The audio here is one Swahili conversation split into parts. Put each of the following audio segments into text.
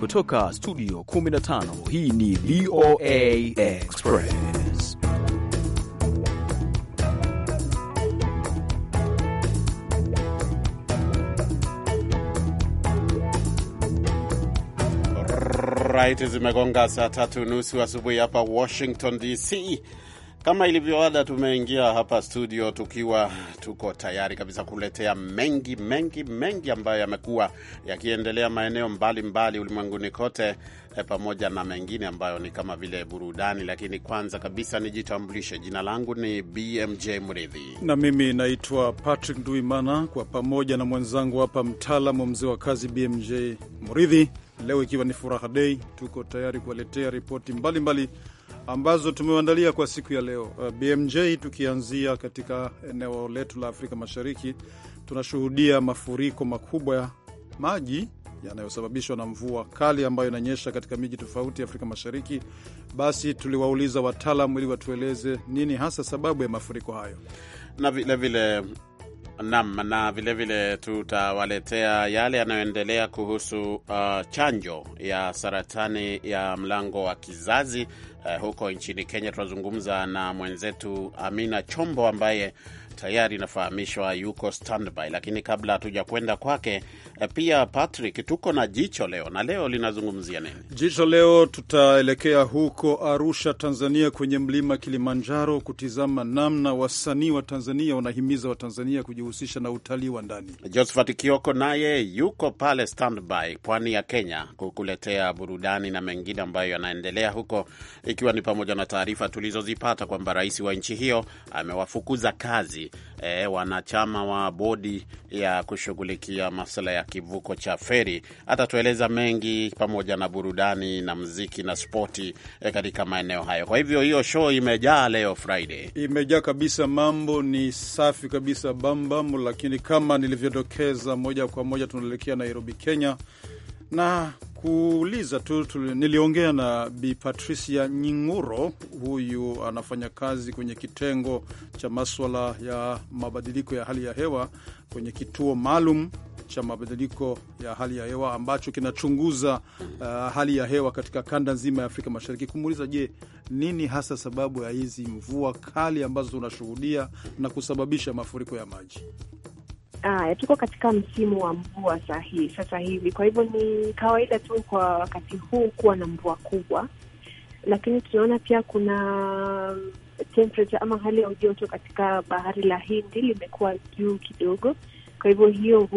Kutoka studio 15 hii ni VOA Express. Right, zimegonga saa tatu nusu asubuhi hapa Washington DC kama ilivyo tumeingia hapa studio tukiwa tuko tayari kabisa kuletea mengi mengi mengi ambayo yamekuwa yakiendelea maeneo mbalimbali ulimwenguni kote, eh, pamoja na mengine ambayo ni kama vile burudani. Lakini kwanza kabisa nijitambulishe, jina langu ni BMJ Mridhi na mimi naitwa Patrick Duimana, kwa pamoja na mwenzangu hapa mtaalamu mzee wa kazi BMJ Mridhi. Leo ikiwa ni furaha dei, tuko tayari kuwaletea ripoti mbalimbali mbali ambazo tumewandalia kwa siku ya leo. Uh, BMJ, tukianzia katika eneo letu la Afrika Mashariki, tunashuhudia mafuriko makubwa ya maji yanayosababishwa na mvua kali ambayo inanyesha katika miji tofauti ya Afrika Mashariki. Basi tuliwauliza wataalamu ili watueleze nini hasa sababu ya mafuriko hayo na vilevile nam na vilevile tutawaletea yale yanayoendelea kuhusu uh, chanjo ya saratani ya mlango wa kizazi uh, huko nchini Kenya. Tunazungumza na mwenzetu Amina Chombo ambaye tayari inafahamishwa yuko standby, lakini kabla hatuja kwenda kwake, eh, pia Patrick, tuko na jicho leo, na leo linazungumzia nini jicho leo? Tutaelekea huko Arusha, Tanzania, kwenye mlima Kilimanjaro kutizama namna wasanii wa Tanzania wanahimiza Watanzania kujihusisha na utalii wa ndani. Josephat Kioko naye yuko pale standby, pwani ya Kenya, kukuletea burudani na mengine ambayo yanaendelea huko, ikiwa ni pamoja na taarifa tulizozipata kwamba rais wa nchi hiyo amewafukuza kazi basi eh, e, wanachama wa bodi ya kushughulikia masuala ya kivuko cha feri. Atatueleza mengi pamoja na burudani na mziki na spoti e, katika maeneo hayo. Kwa hivyo hiyo show imejaa leo Friday, imejaa kabisa, mambo ni safi kabisa, bambam. Lakini kama nilivyodokeza, moja kwa moja tunaelekea Nairobi, Kenya na kuuliza tu, niliongea na Bi Patricia Nying'uro, huyu anafanya kazi kwenye kitengo cha maswala ya mabadiliko ya hali ya hewa kwenye kituo maalum cha mabadiliko ya hali ya hewa ambacho kinachunguza uh, hali ya hewa katika kanda nzima ya Afrika Mashariki, kumuuliza je, nini hasa sababu ya hizi mvua kali ambazo tunashuhudia na kusababisha mafuriko ya maji? Aya, ah, tuko katika msimu wa mvua sahihi sasa hivi, kwa hivyo ni kawaida tu kwa wakati huu kuwa na mvua kubwa, lakini tunaona pia kuna temperature ama hali ya ujoto katika bahari la Hindi limekuwa juu kidogo, kwa hivyo hiyo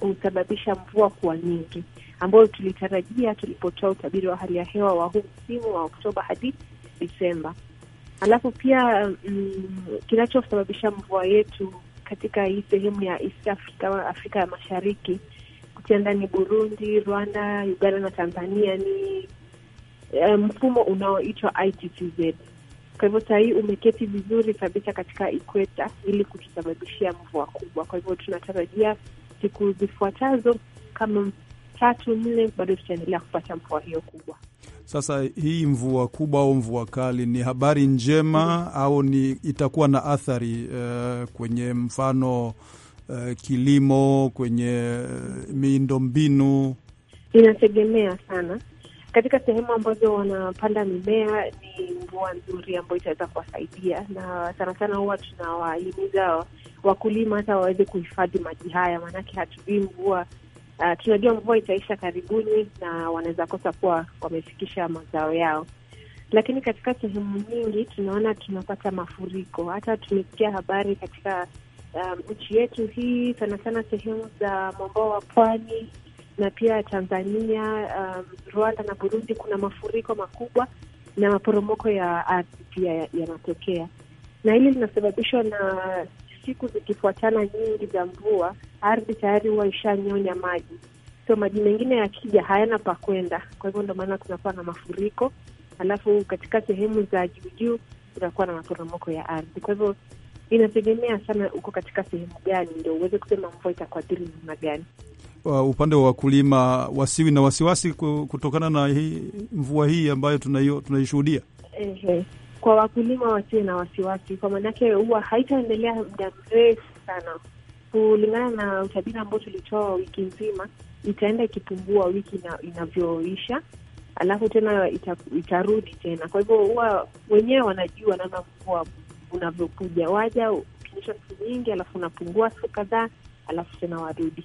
husababisha mvua kuwa nyingi, ambayo tulitarajia tulipotoa utabiri wa hali ya hewa wa huu msimu wa Oktoba hadi Disemba. Alafu pia mm, kinachosababisha mvua yetu katika hii sehemu ya East Africa, Afrika ya Mashariki, kutia ndani Burundi, Rwanda, Uganda na Tanzania ni eh, mfumo um, unaoitwa ITTZ. Kwa hivyo saa hii umeketi vizuri kabisa katika ikweta ili kutusababishia mvua kubwa. Kwa hivyo tunatarajia siku zifuatazo kama tatu nne, bado tutaendelea kupata mvua hiyo kubwa. Sasa hii mvua kubwa au mvua kali ni habari njema au ni itakuwa na athari uh, kwenye mfano uh, kilimo, kwenye uh, eh, miundombinu? Inategemea sana katika sehemu ambazo wanapanda mimea ni mvua nzuri ambayo itaweza kuwasaidia, na sana sana huwa tunawahimiza wakulima hata waweze kuhifadhi maji haya, maanake hatujui mvua Uh, tunajua mvua itaisha karibuni na wanaweza kosa kuwa wamefikisha mazao yao, lakini katika sehemu nyingi tunaona tunapata mafuriko. Hata tumesikia habari katika um, nchi um, yetu hii sana sana sehemu za mwambao wa pwani na pia Tanzania, um, Rwanda na Burundi kuna mafuriko makubwa na maporomoko ya ardhi pia yanatokea, na hili linasababishwa na siku zikifuatana nyingi za mvua, ardhi tayari huwa ishanyonya maji, so maji mengine yakija hayana pa kwenda. Kwa hivyo ndo maana kunakuwa na mafuriko, alafu katika sehemu za juujuu kunakuwa na maporomoko ya ardhi. Kwa hivyo inategemea sana uko katika sehemu gani, ndo uweze kusema mvua itakuathiri namna gani. Uh, upande wa wakulima wasiwi na wasiwasi kutokana na hii mvua hii ambayo tunaishuhudia kwa wakulima wasiwe na wasiwasi, kwa maanake huwa haitaendelea muda mrefu sana, kulingana na utabiri ambao tulitoa wiki nzima. Itaenda ikipungua wiki inavyoisha, alafu tena ita, itarudi tena. Kwa hivyo huwa wenyewe wanajua namna mvua unavyokuja, waja ukinisha siku nyingi, alafu unapungua siku kadhaa, alafu tena warudi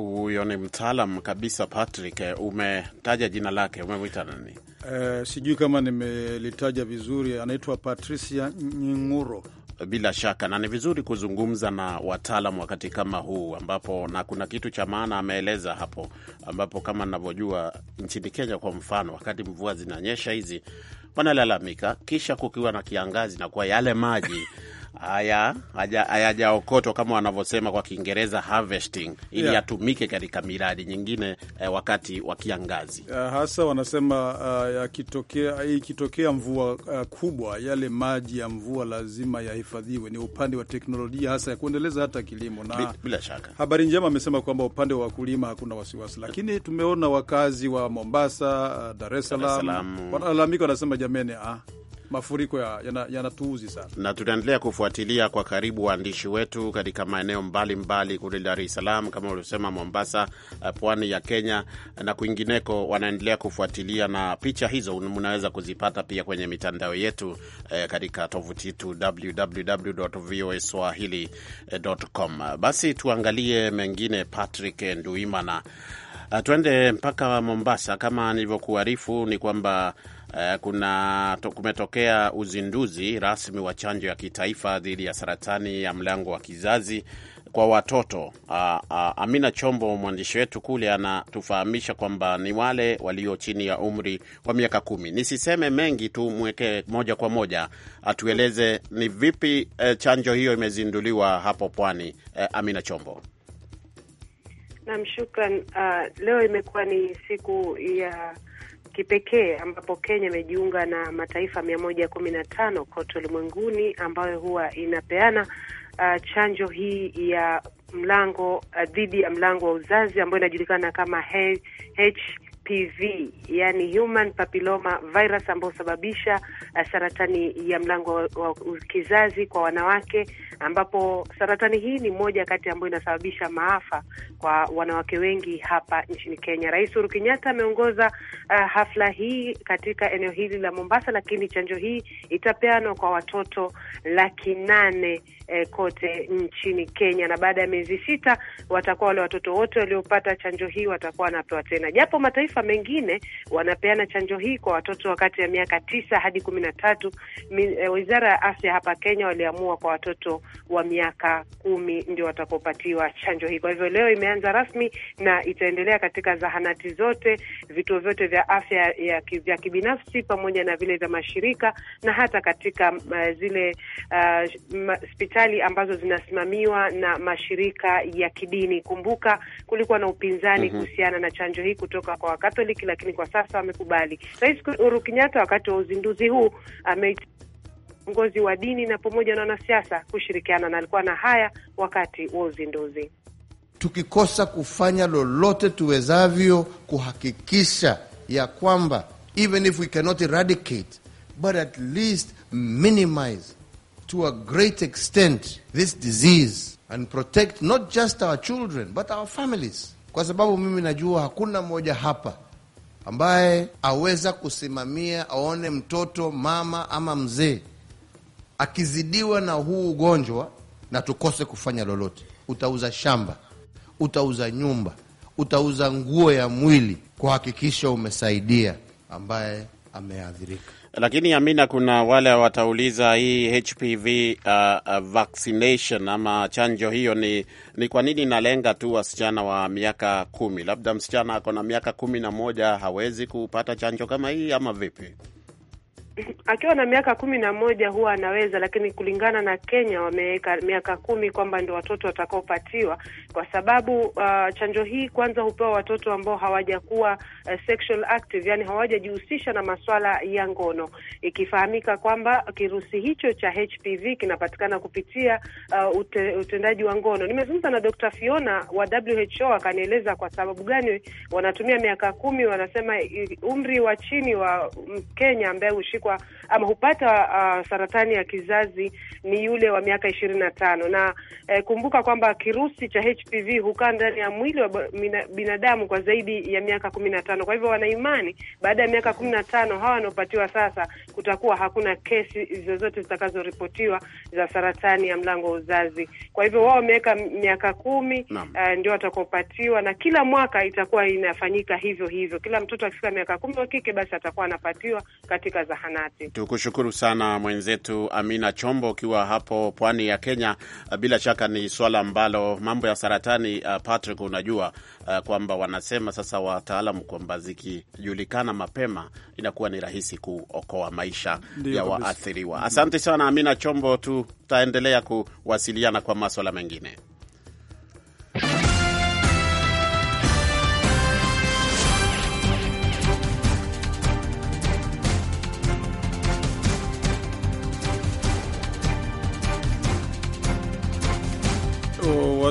huyo ni mtaalam kabisa. Patrick, umetaja jina lake, umemwita nani? Uh, sijui kama nimelitaja vizuri. Anaitwa Patricia Nyinguro. Bila shaka na ni vizuri kuzungumza na wataalam wakati kama huu, ambapo na kuna kitu cha maana ameeleza hapo, ambapo kama navyojua nchini Kenya kwa mfano, wakati mvua zinanyesha hizi wanalalamika, kisha kukiwa na kiangazi na kuwa yale maji hayajaokotwa kama wanavyosema kwa Kiingereza harvesting, ili yeah, katika miradi nyingine eh, wakati wa kiangazi uh, hasa wanasema uh, yakitokea ikitokea mvua uh, kubwa, yale maji ya mvua lazima yahifadhiwe. Ni upande wa teknolojia hasa ya kuendeleza hata kilimo, na bila shaka habari njema amesema kwamba upande wa wakulima hakuna wasiwasi, lakini tumeona wakazi wa Mombasa, uh, Dar es Salaam wanalalamika, wanasema jameni, ah mafuriko yanatuuzi ya, ya sana, na tutaendelea kufuatilia kwa karibu waandishi wetu katika maeneo mbalimbali kule Dar es Salaam, kama ulivyosema, Mombasa, eh, pwani ya Kenya eh, na kwingineko, wanaendelea kufuatilia, na picha hizo mnaweza kuzipata pia kwenye mitandao yetu eh, katika tovuti yetu www.voaswahili.com. Basi tuangalie mengine. Patrick Nduimana Uh, Tuende mpaka Mombasa. Kama nilivyokuarifu ni kwamba uh, kuna to, kumetokea uzinduzi rasmi wa chanjo ya kitaifa dhidi ya saratani ya mlango wa kizazi kwa watoto. Uh, uh, Amina Chombo mwandishi wetu kule anatufahamisha kwamba ni wale walio chini ya umri wa miaka kumi. Nisiseme mengi tu, mwekee moja kwa moja atueleze ni vipi uh, chanjo hiyo imezinduliwa hapo pwani. Uh, Amina Chombo. Nam, shukran. Uh, leo imekuwa ni siku ya kipekee ambapo Kenya imejiunga na mataifa mia moja kumi na tano kote ulimwenguni ambayo huwa inapeana uh, chanjo hii ya mlango ah, dhidi uh, ya mlango wa uzazi ambayo inajulikana kama H HPV, yani human papilloma virus, ambayo husababisha uh, saratani ya mlango wa kizazi kwa wanawake, ambapo saratani hii ni moja kati ambayo inasababisha maafa kwa wanawake wengi hapa nchini Kenya. Rais Uhuru Kenyatta ameongoza uh, hafla hii katika eneo hili la Mombasa, lakini chanjo hii itapeanwa kwa watoto laki nane eh, kote nchini Kenya, na baada ya miezi sita watakuwa wale watoto wote waliopata chanjo hii watakuwa wanapewa tena, japo mataifa mengine wanapeana chanjo hii kwa watoto wakati ya miaka tisa hadi kumi na tatu. Eh, wizara ya afya hapa Kenya waliamua kwa watoto wa miaka kumi ndio watakopatiwa chanjo hii. Kwa hivyo leo imeanza rasmi na itaendelea katika zahanati zote, vituo vyote vya afya vya kibinafsi pamoja na vile vya mashirika na hata katika uh, zile uh, serikali ambazo zinasimamiwa na mashirika ya kidini. Kumbuka kulikuwa na upinzani mhm. kuhusiana na chanjo hii kutoka kwa Wakatoliki, lakini kwa sasa wamekubali. Rais Uhuru Kenyatta wakati wa uzinduzi huu ame viongozi wa dini na pamoja na wanasiasa kushirikiana, na alikuwa na haya wakati wa uzinduzi. Tukikosa kufanya lolote tuwezavyo kuhakikisha ya kwamba even if we cannot eradicate but at least minimize to a great extent this disease and protect not just our children but our families, kwa sababu mimi najua hakuna mmoja hapa ambaye aweza kusimamia aone mtoto mama ama mzee akizidiwa na huu ugonjwa na tukose kufanya lolote. Utauza shamba, utauza nyumba, utauza nguo ya mwili kuhakikisha umesaidia ambaye ameathirika. Lakini Amina, kuna wale watauliza hii HPV uh, uh, vaccination ama chanjo hiyo ni, ni kwa nini inalenga tu wasichana wa miaka kumi? Labda msichana ako na miaka kumi na moja hawezi kupata chanjo kama hii ama vipi? akiwa na miaka kumi na moja huwa anaweza, lakini kulingana na Kenya wameweka miaka kumi kwamba ndio watoto watakaopatiwa, kwa sababu uh, chanjo hii kwanza hupewa watoto ambao hawajakuwa uh, sexual active, yani hawajajihusisha na maswala ya ngono, ikifahamika kwamba kirusi hicho cha HPV kinapatikana kupitia uh, ute, utendaji wa ngono. Nimezungumza na Dr. Fiona wa WHO akanieleza kwa sababu gani wanatumia miaka kumi. Wanasema umri wa chini wa Mkenya mm, ambaye kwa ama hupata uh, saratani ya kizazi ni yule wa miaka ishirini na tano na eh, kumbuka kwamba kirusi cha HPV hukaa ndani ya mwili wa binadamu kwa zaidi ya miaka kumi na tano. Kwa hivyo wanaimani baada ya miaka kumi na tano hawa wanaopatiwa sasa, kutakuwa hakuna kesi zozote zitakazoripotiwa za saratani ya mlango wa uzazi. Kwa hivyo wao wameweka miaka kumi uh, ndio watakaopatiwa, na kila mwaka itakuwa inafanyika hivyo hivyo. Kila mtoto akifika miaka kumi wa kike, basi atakuwa anapatiwa katika zahanati zahanati. Tukushukuru sana mwenzetu Amina Chombo ukiwa hapo pwani ya Kenya. Uh, bila shaka ni swala ambalo mambo ya saratani, uh, Patrick, unajua uh, kwamba wanasema sasa wataalamu kwamba zikijulikana mapema inakuwa ni rahisi kuokoa maisha Ndiyo, ya waathiriwa. Asante sana Amina Chombo, tutaendelea kuwasiliana kwa maswala mengine.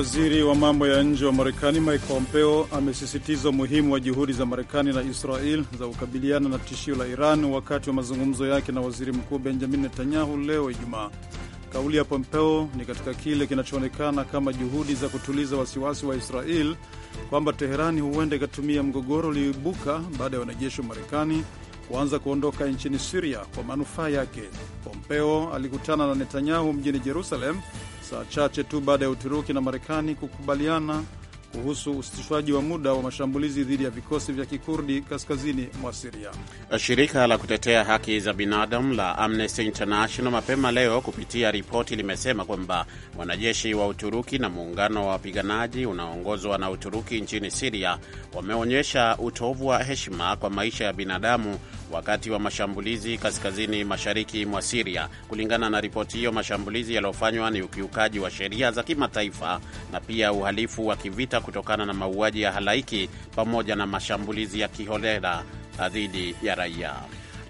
Waziri wa mambo ya nje wa Marekani Mike Pompeo amesisitiza umuhimu wa juhudi za Marekani na Israel za kukabiliana na tishio la Iran wakati wa mazungumzo yake na waziri mkuu Benjamin Netanyahu leo Ijumaa. Kauli ya Pompeo ni katika kile kinachoonekana kama juhudi za kutuliza wasiwasi wa Israel kwamba Teherani huenda ikatumia mgogoro ulioibuka baada ya wanajeshi wa Marekani kuanza kuondoka nchini Siria kwa manufaa yake. Pompeo alikutana na Netanyahu mjini Jerusalem saa chache tu baada ya Uturuki na Marekani kukubaliana kuhusu usitishwaji wa muda wa mashambulizi dhidi ya vikosi vya kikurdi kaskazini mwa Siria. Shirika la kutetea haki za binadamu la Amnesty International mapema leo kupitia ripoti limesema kwamba wanajeshi wa Uturuki na muungano wa wapiganaji unaoongozwa na Uturuki nchini Siria wameonyesha utovu wa heshima kwa maisha ya binadamu wakati wa mashambulizi kaskazini mashariki mwa Siria. Kulingana na ripoti hiyo, mashambulizi yaliyofanywa ni ukiukaji wa sheria za kimataifa na pia uhalifu wa kivita kutokana na mauaji ya halaiki pamoja na mashambulizi ya kiholela dhidi ya raia.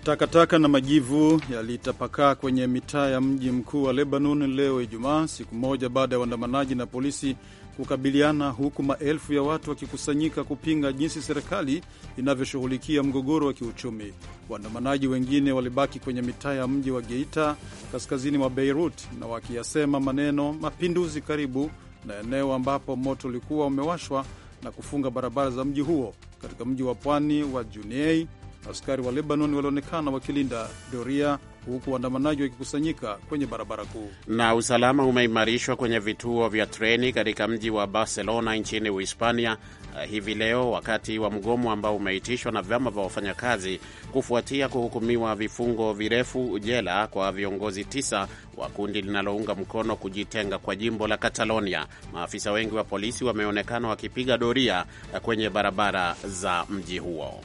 Takataka na majivu yalitapakaa kwenye mitaa ya mji mkuu wa Lebanon leo Ijumaa, siku moja baada ya waandamanaji na polisi kukabiliana, huku maelfu ya watu wakikusanyika kupinga jinsi serikali inavyoshughulikia mgogoro wa kiuchumi. Waandamanaji wengine walibaki kwenye mitaa ya mji wa Geita kaskazini mwa Beirut na wakiyasema maneno mapinduzi karibu na eneo ambapo moto ulikuwa umewashwa na kufunga barabara za mji huo. Katika mji wa pwani wa Juniei, askari wa Lebanon walionekana wakilinda doria huku waandamanaji wakikusanyika kwenye barabara kuu. Na usalama umeimarishwa kwenye vituo vya treni katika mji wa Barcelona nchini Uhispania eh, hivi leo wakati wa mgomo ambao umeitishwa na vyama vya wafanyakazi kufuatia kuhukumiwa vifungo virefu jela kwa viongozi tisa wa kundi linalounga mkono kujitenga kwa jimbo la Catalonia. Maafisa wengi wa polisi wameonekana wakipiga doria eh, kwenye barabara za mji huo.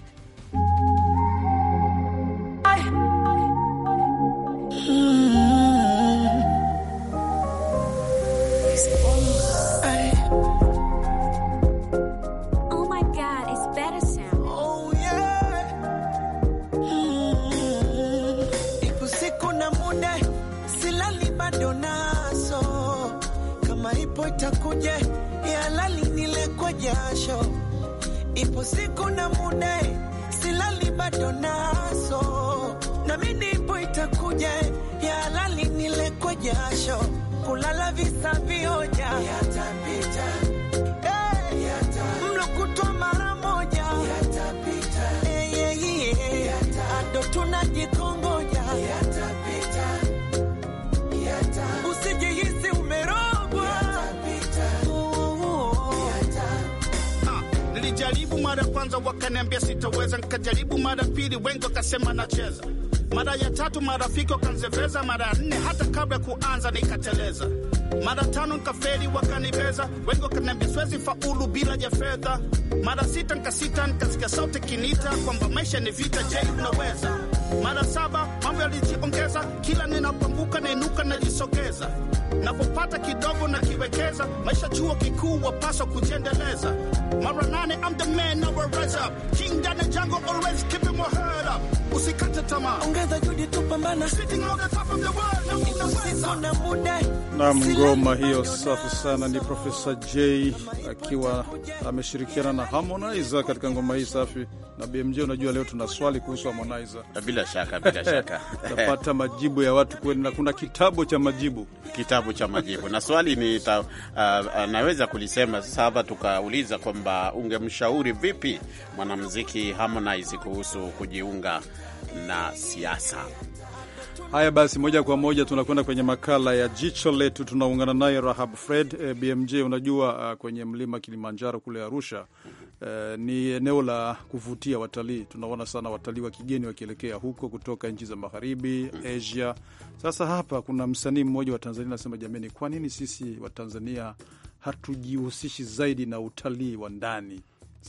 kwanza wakaniambia sitaweza, nikajaribu mara pili, wengi wakasema nacheza. Mara ya tatu marafiki wakanzeveza, mara ya nne hata kabla ya kuanza nikateleza. Mara tano nikafeli, wakanibeza, wengi wakaniambia siwezi faulu bila ya fedha. Mara sita nikasita, nikasikia sauti kinita kwamba maisha ni vita, je, unaweza? Mara saba mambo yalijiongeza, kila ninapanguka nainuka, najisogeza napopata kidogo na kiwekeza, maisha chuo kikuu wapaswa kujiendeleza. Mara nane, I'm the man, now I rise up. King ndani jango jungle, always keep my head up usikate tamaa, ongeza juhudi, tupambana. ngoma hiyo safi sana, ni Profesa J akiwa ameshirikiana na Harmonize katika ngoma hii safi. Na BMJ, unajua leo tuna swali kuhusu Harmonize. Bila shaka, bila shaka tapata majibu ya watu kweli, na kuna kitabu cha majibu, kitabu cha majibu na swali ni ta, uh, uh, naweza kulisema sasa hapa, tukauliza kwamba ungemshauri vipi mwanamuziki Harmonize kuhusu kujiunga na siasa. Haya basi, moja kwa moja tunakwenda kwenye makala ya jicho letu. Tunaungana naye Rahab Fred. E, eh, BMJ, unajua uh, kwenye mlima Kilimanjaro kule Arusha uh, ni eneo la kuvutia watalii. Tunaona sana watalii wa kigeni wakielekea huko kutoka nchi za magharibi, Asia. Sasa hapa kuna msanii mmoja wa Tanzania anasema, jamani, kwa nini sisi Watanzania hatujihusishi zaidi na utalii wa ndani?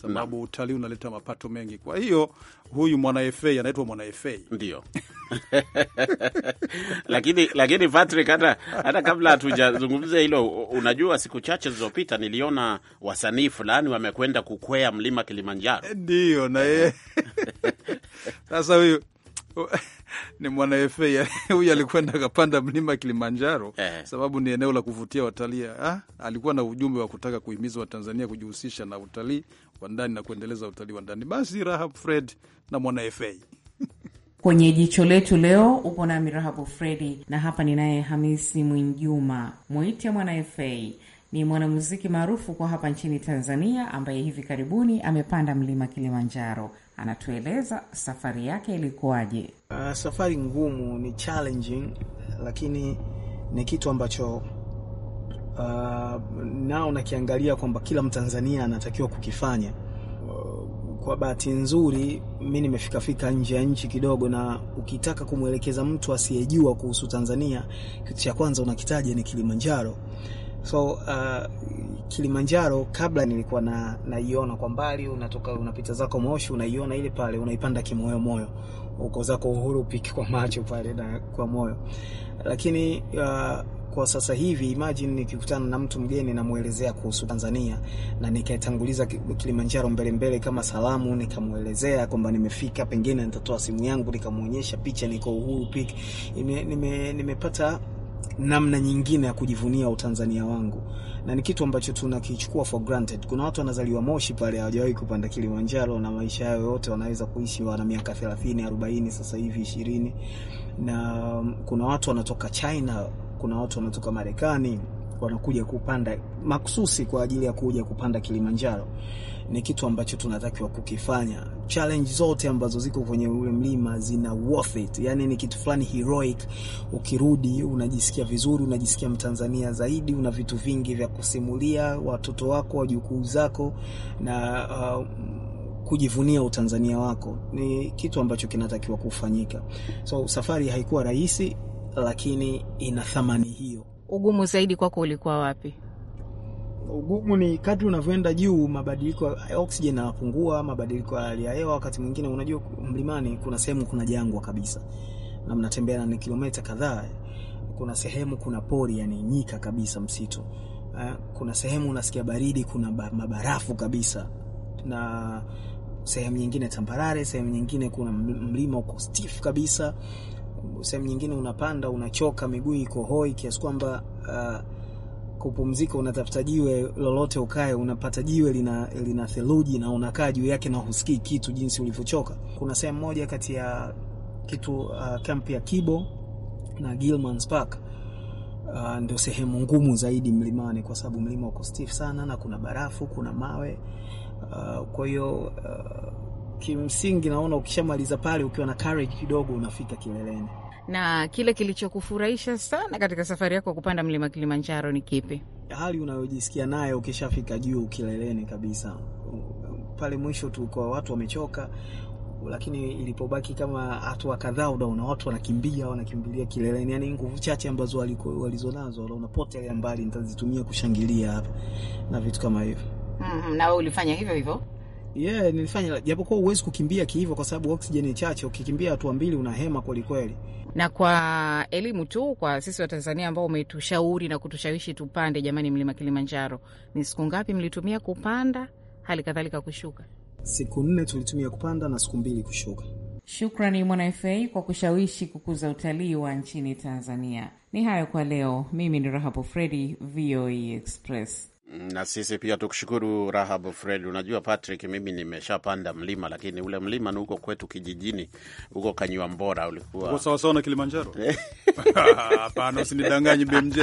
sababu utalii unaleta mapato mengi. Kwa hiyo huyu mwana FA anaitwa mwana ndio. Lakini lakini Patrick, hata hata kabla hatujazungumza hilo, unajua siku chache zilizopita niliona wasanii fulani wamekwenda kukwea mlima Kilimanjaro, ndio na yeye eh. sasa huyu ni mwana huyu alikwenda akapanda mlima Kilimanjaro eh, sababu ni eneo la kuvutia watalii. Eh, ah, alikuwa na ujumbe wa kutaka kuhimiza Watanzania kujihusisha na utalii wa ndani na kuendeleza utalii wa ndani. Basi Rahab Fred na mwana kwenye jicho letu leo upo nami Rahabu Fredi na hapa ninaye Hamisi Mwinjuma Mwite mwana FA ni mwanamuziki maarufu kwa hapa nchini Tanzania ambaye hivi karibuni amepanda mlima Kilimanjaro. Anatueleza safari yake ilikuwaje. Uh, safari ngumu, ni challenging, lakini ni kitu ambacho uh, nao nakiangalia kwamba kila Mtanzania anatakiwa kukifanya. Kwa bahati nzuri mi nimefikafika nje ya nchi kidogo, na ukitaka kumwelekeza mtu asiyejua kuhusu Tanzania, kitu cha kwanza unakitaja ni Kilimanjaro. So uh, Kilimanjaro kabla nilikuwa na naiona kwa mbali, unatoka unapita zako Moshi, unaiona ile pale, unaipanda kimoyo moyo, uko zako Uhuru Peak kwa macho pale na kwa moyo. Lakini uh, kwa sasa hivi imagine nikikutana na mtu mgeni namwelezea kuhusu Tanzania na nikaitanguliza Kilimanjaro mbele mbele kama salamu, nikamuelezea kwamba nimefika, pengine nitatoa simu yangu nikamuonyesha picha, niko Uhuru Peak, nime, nime, nimepata namna nyingine ya kujivunia utanzania wangu, na ni kitu ambacho tunakichukua for granted. Kuna watu wanazaliwa Moshi pale hawajawahi kupanda Kilimanjaro, na maisha yao yote wanaweza kuishi wana miaka 30, 40, sasa hivi 20, na mm, kuna watu wanatoka China, kuna watu wanatoka Marekani wanakuja kupanda makususi kwa ajili ya kuja kupanda Kilimanjaro ni kitu ambacho tunatakiwa kukifanya. Challenge zote ambazo ziko kwenye ule mlima zina worth it, yani ni kitu fulani heroic. Ukirudi unajisikia vizuri, unajisikia Mtanzania zaidi, una vitu vingi vya kusimulia watoto wako, wajukuu zako na uh, kujivunia utanzania wako ni kitu ambacho kinatakiwa kufanyika. So safari haikuwa rahisi, lakini ina thamani hiyo ugumu zaidi kwako ulikuwa wapi? Ugumu ni kadri unavyoenda juu, mabadiliko ya oksijeni yanapungua, mabadiliko ya hali ya hewa. Wakati mwingine, unajua mlimani kuna sehemu kuna jangwa kabisa, na mnatembea na kilomita kadhaa. Kuna sehemu kuna pori, yani nyika kabisa, msitu. Eh, kuna sehemu unasikia baridi, kuna mabarafu kabisa, na sehemu nyingine tambarare, sehemu nyingine kuna mlima uko stiff kabisa sehemu nyingine unapanda unachoka, miguu iko hoi kiasi kwamba uh, kupumzika unatafuta jiwe lolote ukae, unapata jiwe lina, lina theluji na unakaa juu yake na husikii kitu jinsi ulivyochoka. Kuna sehemu moja kati ya kitu uh, camp ya Kibo na Gilmans Park uh, ndio sehemu ngumu zaidi mlimani kwa sababu mlima uko stiff sana na kuna barafu, kuna mawe uh, kwa hiyo uh, kimsingi naona ukishamaliza pale ukiwa na courage kidogo unafika kileleni. Na kile kilichokufurahisha sana katika safari yako kupanda mlima Kilimanjaro ni kipi? Hali unayojisikia nayo ukishafika juu kileleni kabisa, pale mwisho tulikuwa watu wamechoka, lakini ilipobaki kama hatua kadhaa, unaona watu wanakimbia, wanakimbilia kileleni, yani nguvu chache ambazo walizonazo pote potelea mbali, nitazitumia kushangilia hapa na vitu kama hivyo. Mm, na wewe ulifanya hivyo hivyo? yeah, nilifanya japokuwa huwezi kukimbia kihivyo kwa sababu oksijeni chache. Ukikimbia hatua mbili unahema kwelikweli. Na kwa elimu tu kwa sisi wa tanzania ambao umetushauri na kutushawishi tupande, jamani, mlima Kilimanjaro ni siku ngapi mlitumia kupanda, hali kadhalika kushuka? Siku nne tulitumia kupanda na siku mbili kushuka. Shukrani Mwana FA kwa kushawishi kukuza utalii wa nchini Tanzania. Ni hayo kwa leo. Mimi ni Rahabu Fredi, VOA e Express. Na sisi pia tukushukuru Rahab Fred. Unajua Patrick, mimi nimeshapanda mlima, lakini ule mlima ni huko kwetu kijijini, huko Kanywa Mbora. Ulikuwa sawasawa na Kilimanjaro? Eh. Hapana, usinidanganyi BMJ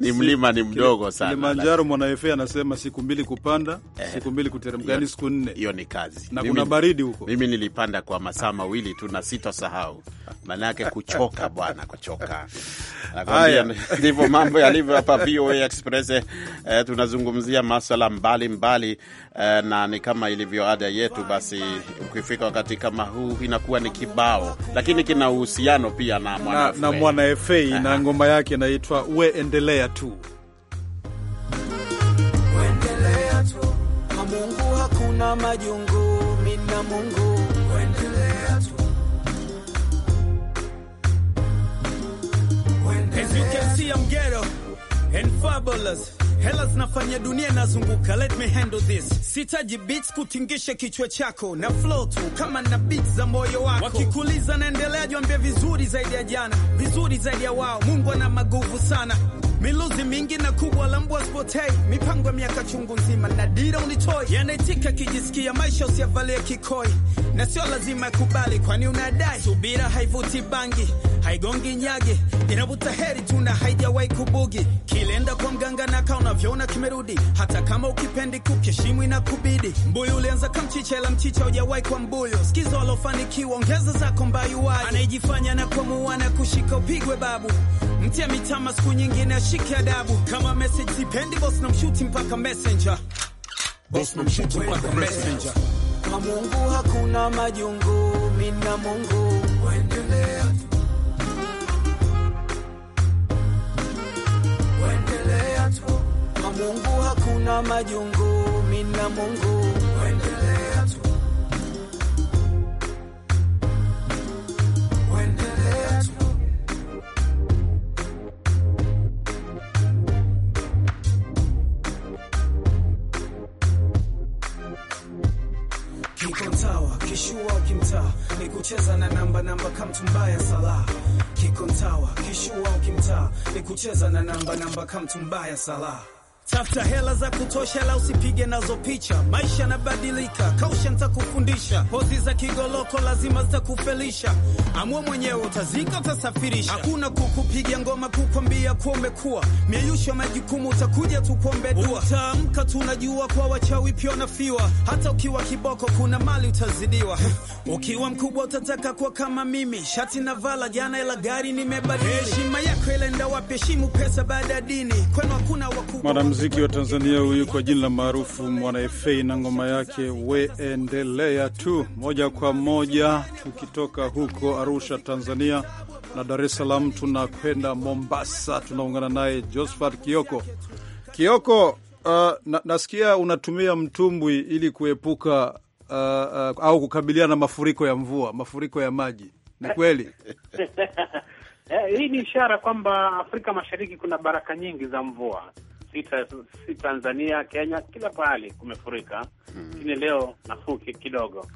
ni mlima ni mdogo sana. Kilimanjaro mwanaefe anasema siku mbili kupanda eh, siku mbili kuteremka, yani siku nne. Hiyo ni kazi na mimi, kuna baridi huko. Mimi nilipanda kwa masaa mawili tu na sitosahau Manake kuchoka bwana, kuchoka. Haya, ndivyo mambo yalivyo hapa VOA Express. Eh, tunazungumzia maswala mbalimbali eh, na ni kama ilivyo ada yetu, basi ukifika wakati kama huu inakuwa ni kibao, lakini kina uhusiano pia na mwana na, na mwana FA na ngoma yake inaitwa we endelea tu tu. Mungu hakuna majungu, mina Mungu As you can see I'm ghetto and fabulous. Hela zinafanya dunia nazunguka, let me handle this. Sitaji beats kutingisha kichwa chako na flow tu kama na beats za moyo wako. Wakikuliza naendelea, jiambie vizuri zaidi ya jana, vizuri zaidi ya wao. Mungu ana maguvu sana miluzi mingi na kubwa la mbwa spotei, mipango ya miaka chungu nzima na dira unitoi, yanaitika kijisikia maisha usiyavalia kikoi, na sio lazima yakubali, kwani unadai subira haivuti bangi haigongi nyagi inavuta heri tuna haijawahi kubugi kilenda kwa mganga na naka unavyoona kimerudi hata kama ukipendi kukeshimu inakubidi mbuyu ulianza kamchicha ila mchicha ujawahi kwa mbuyu skiza walofanikiwa ongeza zako mbayuwaji anaijifanya na kwa muwana kushika upigwe babu mtia mitama siku nyingine shike adabu kama message sipendi boss na mshuti mpaka messenger boss na mshuti mpaka messenger kwa Mungu hakuna majungu mimi na Mungu waendelea waendelea tu kwa Mungu hakuna majungu mimi na Mungu kumzunguka mtu mbaya sala. Tafuta hela za kutosha, la usipige nazo picha, maisha yanabadilika haraka, kausha kufundisha pozi za kigoloko lazima za kufelisha amwe mwenyewe utazika, utasafirisha, hakuna kukupiga ngoma kukwambia kuwa umekuwa, mieyusho majukumu, utakuja tukuombe dua, utaamka tunajua, kwa wachawi pia unafiwa, hata ukiwa kiboko kuna mali utazidiwa, ukiwa mkubwa utataka kuwa kama mimi, shati na vala jana, ila gari nimebadili, heshima yako ilenda wapi? Heshimu pesa baada ya dini, kwenu hakuna wakubwa. Mwanamuziki wa Tanzania huyu kwa jina la maarufu Mwana FA na ngoma yake weendelea tu moja kwa moja tukitoka huko Arusha, Tanzania na Dar es Salaam tunakwenda Mombasa, tunaungana naye Josephat Kioko. Kioko, uh, na, nasikia unatumia mtumbwi ili kuepuka uh, uh, au kukabiliana na mafuriko ya mvua, mafuriko ya maji, ni kweli? Eh, hii ni ishara kwamba Afrika Mashariki kuna baraka nyingi za mvua sita, si Tanzania, Kenya, kila pahali kumefurika, hmm. lakini hmm, leo nafuki kidogo.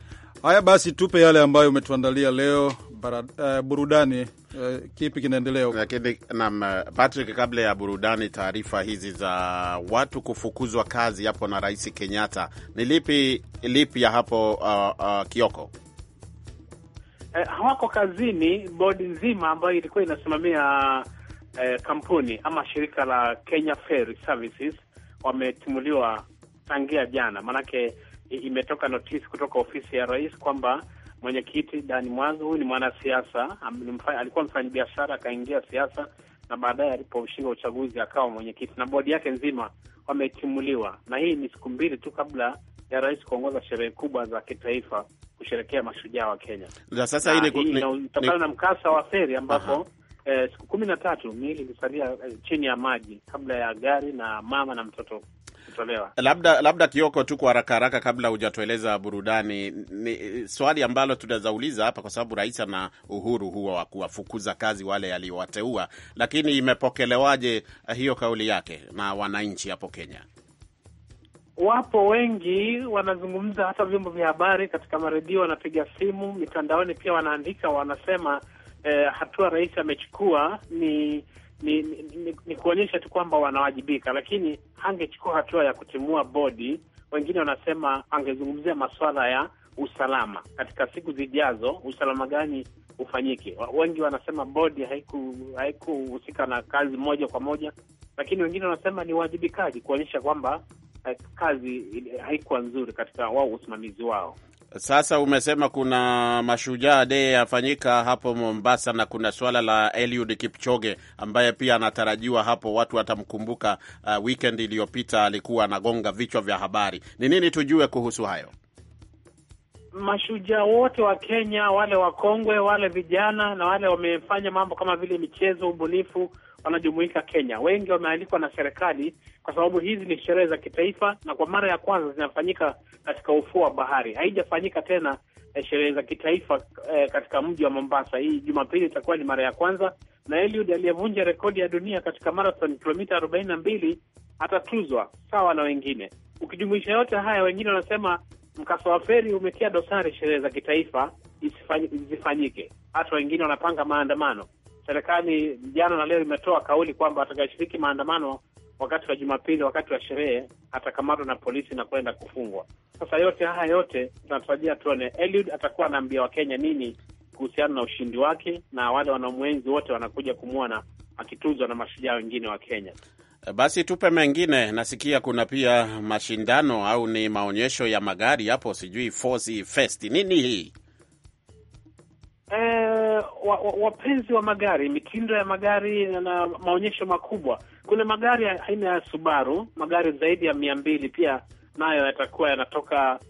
Haya basi, tupe yale ambayo umetuandalia leo barad, uh, burudani uh, kipi kinaendelea? Lakini naam, eh, Patrick, kabla ya burudani, taarifa hizi za watu kufukuzwa kazi hapo na Rais Kenyatta ni lipi lipi ya hapo uh, uh, Kioko? Eh, hawako kazini, bodi nzima ambayo ilikuwa inasimamia eh, kampuni ama shirika la Kenya Ferry Services wametumuliwa tangia jana, maanake imetoka notisi kutoka ofisi ya rais kwamba mwenyekiti Dani Mwanzo, huyu ni mwanasiasa, alikuwa mfanyabiashara akaingia siasa na baadaye aliposhinda uchaguzi akawa mwenyekiti, na bodi yake nzima wametimuliwa, na hii ni siku mbili tu kabla ya rais kuongoza sherehe kubwa za kitaifa kusherekea mashujaa wa Kenya. Sasa hii kutokana na mkasa wa feri ambapo eh, siku kumi na tatu miili ilisalia eh, chini ya maji kabla ya gari na mama na mtoto kutolewa. Labda labda Kioko, tu kwa haraka haraka, kabla hujatueleza burudani, ni swali ambalo tunazauliza hapa, kwa sababu rais ana uhuru huo wa kuwafukuza kazi wale aliowateua, lakini imepokelewaje hiyo kauli yake na wananchi hapo Kenya? Wapo wengi wanazungumza, hata vyombo vya habari, katika maredio, wanapiga simu, mitandaoni pia wanaandika, wanasema eh, hatua rais amechukua ni ni, ni, ni, ni kuonyesha tu kwamba wanawajibika, lakini angechukua hatua ya kutimua bodi. Wengine wanasema angezungumzia masuala ya usalama katika siku zijazo, usalama gani ufanyike. Wengi wanasema bodi haikuhusika na kazi moja kwa moja, lakini wengine wanasema ni uwajibikaji, kuonyesha kwamba eh, kazi eh, haikuwa nzuri katika wao usimamizi wao. Sasa umesema kuna mashujaa de yafanyika hapo Mombasa na kuna swala la Eliud Kipchoge ambaye pia anatarajiwa hapo, watu watamkumbuka. Uh, weekend iliyopita alikuwa anagonga vichwa vya habari. Ni nini tujue kuhusu hayo? Mashujaa wote wa Kenya, wale wakongwe, wale vijana na wale wamefanya mambo kama vile michezo, ubunifu wanajumuika Kenya. Wengi wamealikwa na serikali kwa sababu hizi ni sherehe za kitaifa, na kwa mara ya kwanza zinafanyika katika ufuo wa bahari. Haijafanyika tena eh, sherehe za kitaifa eh, katika mji wa Mombasa. Hii Jumapili itakuwa ni mara ya kwanza, na Eliud aliyevunja rekodi ya dunia katika marathon kilomita arobaini na mbili atatuzwa sawa na wengine. Ukijumuisha yote haya, wengine wanasema mkasa wa feri umetia dosari sherehe za kitaifa zisifanyike. Hata wengine wanapanga maandamano serikali jana na leo imetoa kauli kwamba atakayeshiriki maandamano wakati wa Jumapili, wakati wa sherehe, atakamatwa na polisi na kwenda kufungwa. Sasa yote haya yote tunatarajia tuone Eliud atakuwa anaambia Wakenya nini kuhusiana na ushindi wake, na wale wanamwenzi wote wanakuja kumwona akituzwa na mashujaa wengine wa Kenya. Eh, basi tupe mengine. Nasikia kuna pia mashindano au ni maonyesho ya magari hapo, sijui Fest. Nini hii? wapenzi wa, wa, wa magari, mitindo ya magari na maonyesho makubwa. Kuna magari aina ya Subaru, magari zaidi ya mia mbili pia nayo yatakuwa yanatoka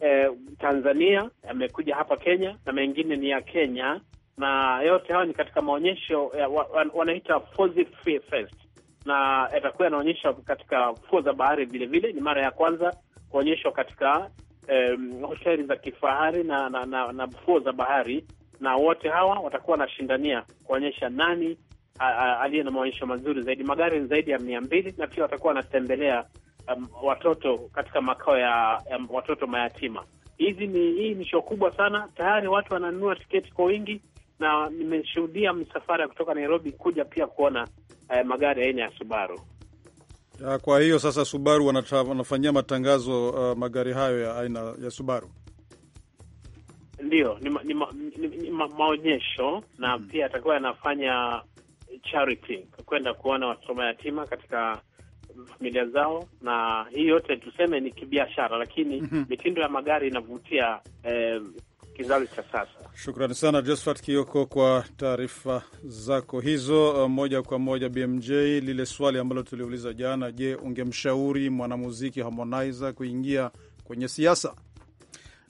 eh, Tanzania, yamekuja hapa Kenya na mengine ni ya Kenya, na yote hayo ni katika maonyesho eh, wa, wa, wanaita Fest, na yatakuwa yanaonyeshwa katika fuo za bahari vilevile. Ni mara ya kwanza kuonyeshwa katika eh, hoteli za kifahari na na, na, na fuo za bahari na wote hawa watakuwa wanashindania kuonyesha nani aliye na maonyesho mazuri zaidi. Magari zaidi ya mia mbili na pia watakuwa wanatembelea um, watoto katika makao ya um, watoto mayatima. Hizi ni hii ni show kubwa sana, tayari watu wananunua tiketi kwa wingi, na nimeshuhudia msafara kutoka Nairobi kuja pia kuona uh, magari aina ya Subaru. Ah, kwa hiyo sasa Subaru wanafanyia matangazo uh, magari hayo ya aina ya Subaru ndio ni, ma, ni, ma, ni, ni ma, maonyesho na mm. pia atakuwa anafanya charity kwenda kuona watoto mayatima katika familia zao, na hii yote tuseme ni kibiashara, lakini mm-hmm. mitindo ya magari inavutia eh, kizazi cha sasa. Shukrani sana Josephat Kioko kwa taarifa zako hizo. Moja kwa moja, BMJ, lile swali ambalo tuliuliza jana, je, ungemshauri mwanamuziki Harmonize kuingia kwenye siasa?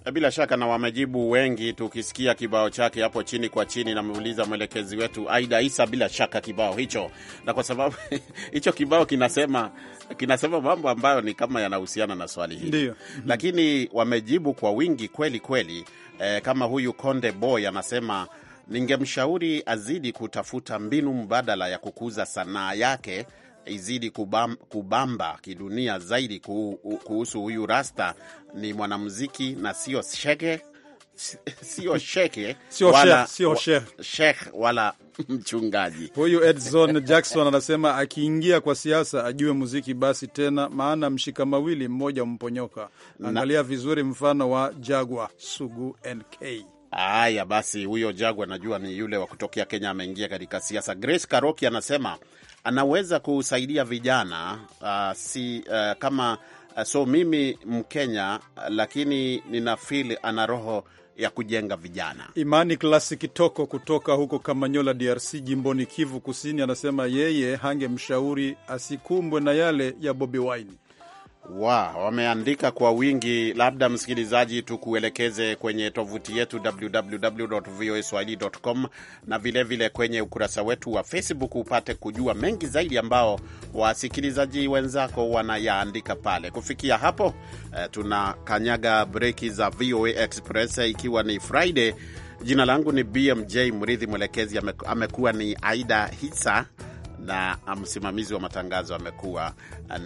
Eh, bila shaka na wamejibu wengi, tukisikia kibao chake hapo chini kwa chini. Namuuliza mwelekezi wetu Aida Isa, bila shaka kibao hicho, na kwa sababu hicho kibao kinasema kinasema mambo ambayo ni kama yanahusiana na swali hili mm-hmm. Lakini wamejibu kwa wingi kweli kweli. Eh, kama huyu Konde Boy anasema ningemshauri azidi kutafuta mbinu mbadala ya kukuza sanaa yake izidi kubam, kubamba kidunia zaidi kuhusu huyu Rasta. Ni mwanamuziki na sio sheke sio sheke sio wala, sheikh wala mchungaji. Huyu Edson Jackson anasema akiingia kwa siasa ajue muziki basi tena, maana mshika mawili mmoja umponyoka. Angalia vizuri mfano wa Jagwa Sugu NK. Haya basi, huyo Jagwa najua ni yule wa kutokea Kenya, ameingia katika siasa. Grace Karoki anasema anaweza kusaidia vijana uh, si uh, kama uh, so mimi Mkenya lakini nina feel ana roho ya kujenga vijana. Imani Klasi Kitoko kutoka huko Kamanyola, DRC, jimboni Kivu Kusini, anasema yeye hangemshauri asikumbwe na yale ya Bobi Wine wa wow, wameandika kwa wingi. Labda msikilizaji, tukuelekeze kwenye tovuti yetu www.voaswahili.com na vilevile vile kwenye ukurasa wetu wa Facebook upate kujua mengi zaidi ambao wasikilizaji wenzako wanayaandika pale. Kufikia hapo, eh, tuna kanyaga breki za VOA Express ikiwa ni Friday. Jina langu ni BMJ Mridhi, mwelekezi amekuwa ni Aida Hisa na msimamizi wa matangazo amekuwa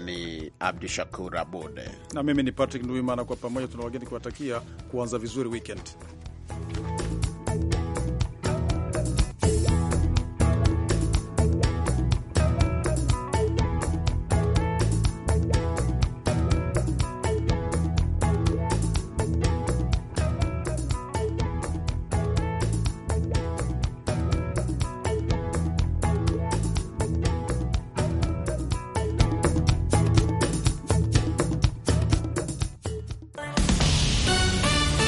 ni Abdu Shakur Abud na mimi ni Patrick Nduimana. Kwa pamoja tuna wageni kuwatakia kuanza vizuri weekend.